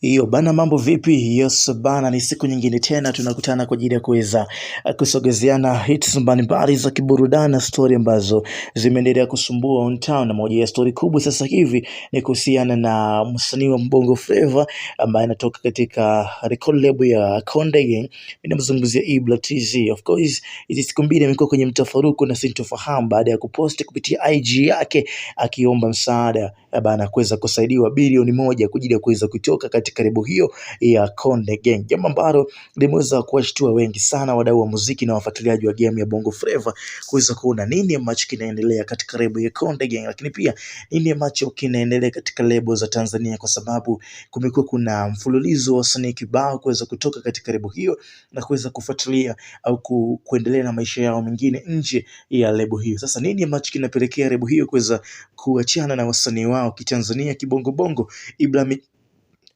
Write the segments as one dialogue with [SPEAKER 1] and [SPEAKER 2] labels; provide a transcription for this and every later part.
[SPEAKER 1] Hiyo bana, mambo vipi? Yes bana, ni siku nyingine tena tunakutana kwa ajili ya kuweza eh, kusogezeana hits mbalimbali za kiburudani na stori ambazo zimeendelea kusumbua on town, na moja ya story kubwa sasa hivi ni kuhusiana na msanii wa Bongo Flava ambaye anatoka katika record label ya Konde Gang. Ninamzungumzia Ibra TZ. Of course, hizi siku mbili amekuwa kwenye mtafaruku na sintofahamu baada ya kuposti kupitia IG yake akiomba msaada eh, bana kuweza kusaidiwa bilioni moja kwa ajili ya kuweza kutoka katika katika karibu hiyo ya Konde Gang, jambo ambalo limeweza kuwashtua wengi sana wadau wa muziki na wafuatiliaji wa game ya Bongo Flava kuweza kuona nini ambacho kinaendelea katika lebo ya Konde Gang, lakini pia nini ambacho kinaendelea katika lebo za Tanzania, kwa sababu kumekuwa kuna mfululizo wa wasanii kibao kuweza kutoka katika lebo hiyo na kuweza kufuatilia au ku, kuendelea na maisha yao mengine nje ya lebo hiyo. Sasa nini ambacho kinapelekea lebo hiyo kuweza kuachana na wasanii wao kitanzania kibongobongo Ibrahim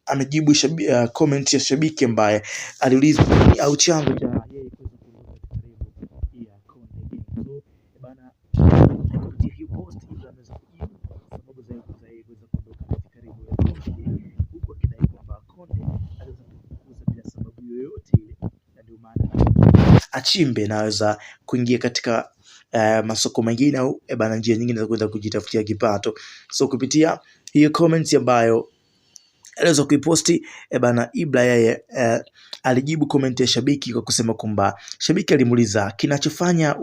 [SPEAKER 1] amejibu uh, comment ya shabiki ambaye aliuliza au chanzo cha yeye kuweza kuondoka karibu ya Konde. So eh, bana kupitia hiyo post hizo ameweza kujibu sababu za za yeye kuweza kuondoka karibu ya Konde, huko akidai kwamba Konde aliweza kumfukuza bila sababu yoyote ile, na ndio maana achimbe naweza kuingia katika uh, masoko mengine au eh, bana njia nyingine za kuweza kujitafutia kipato. So kupitia hiyo comments ambayo aliweza kuiposti e bana. Ibra yeye e, alijibu komenti ya shabiki kwa kusema kwamba shabiki alimuuliza kinachofanya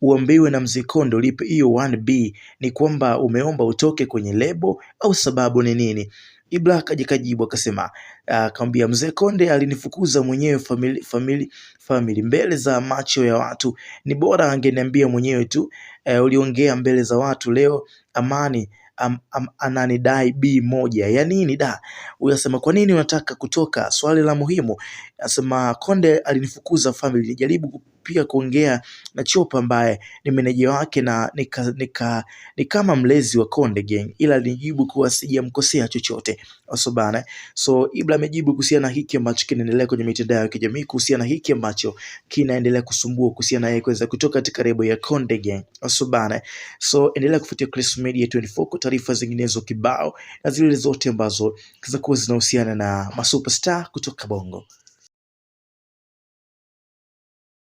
[SPEAKER 1] uombewe na Mzee Kondo lipe hiyo 1B ni kwamba umeomba utoke kwenye lebo au sababu ni nini? Ibra akajikajibu akasema, ah, akamwambia uh, Mzee Konde alinifukuza mwenyewe famili, famili, famili mbele za macho ya watu. Ni bora angeniambia mwenyewe tu. Uh, uliongea mbele za watu leo, amani am, am, ananidai b moja ya nini da? Huyu asema kwa nini unataka kutoka? Swali la muhimu. Asema Konde alinifukuza family, nijaribu pia kuongea na Chopa ambaye ni meneja wake na nika, nika, ni kama mlezi wa Konde Gang, ila alijibu kuwa sijamkosea chochote asobana. So Ibra amejibu kuhusiana na hiki ambacho kinaendelea kwenye mitandao ya kijamii, kuhusiana na hiki ambacho kinaendelea kusumbua kuhusiana na yeye kuweza kutoka katika rebo ya Konde Gang asobana. So endelea kufuatia Chris Media 24 kwa taarifa zinginezo kibao na zile zote ambazo zitakuwa zinahusiana na masuperstar kutoka Bongo.